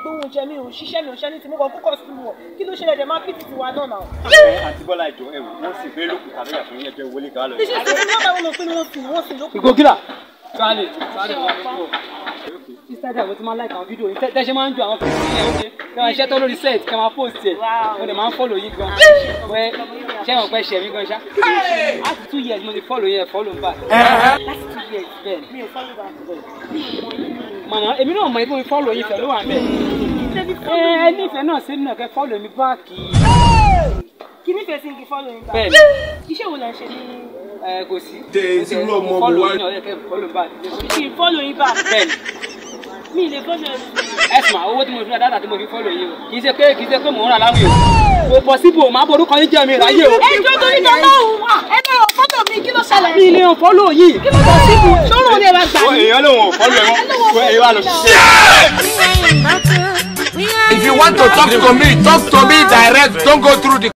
gbóhùn jẹ mi ò ṣiṣẹ́ mi ò ṣẹ́ ní ti mú kọ́ kókọ́ sí wọ̀ kí ló ṣẹlẹ̀ dẹ̀ máa pìtì tiwa náà náà. àti bọ́lá ìjọ ẹ̀ wọ́n sì fẹ́ lókun tàbí àfẹ́ yẹn jẹ́ wọlé ká lọ. sísádà wo ti máa láìka àwọn fídíò yìí tẹ́ ṣe máa ń ju àwọn fídíò yẹn ó ṣe kí wọ́n ṣe tó lórí set kí wọ́n post ẹ̀ mo dẹ̀ máa ń fọ́lò yín gan pé ṣé wọn pẹ́ ṣẹ̀mí gan ṣá. láti two years mo ti fọ́lò yẹn fọ́lò ń bà. láti bẹ́ẹ̀. mi ò fọ́lù bàbá bẹ́ẹ̀. màmá èmi náà mọ ibi mi fọ́lù yín fẹ́ ló wà bẹ́ẹ̀. ẹ nífẹ̀ẹ́ náà ṣe nínú ẹ̀kẹ́ fọ́lù mi báàkì. kí nífẹ̀ẹ́ sí ń kí fọ́lù mi báàkì. bẹ́ẹ̀ iṣẹ́ wo la ń ṣe ní kò sí. tẹ ìṣirò ọmọ mi wá. kì í fọ́lù yín báàkì. mi ì lè fọ́lù ẹ̀ ẹ̀sùn owó tí mo fi ra dáadáa tí mo fi fọ́lù yín o kì í ṣe pé kì í ṣe pé mò ń ra láwìn o kò pọ̀ síbò máa borúkọ yín jẹ́ mi ráyè o. ẹ jọ́ torí tọ́lá òun wà ẹ náà ni ò fọ́lọ̀ yìí kí ló ni ẹ bá gbà. èèyàn lòun ò fọ́lọ̀ ẹ mọ́ èèyàn wà lọ If you want to talk to me, talk to me direct. Don't go through the.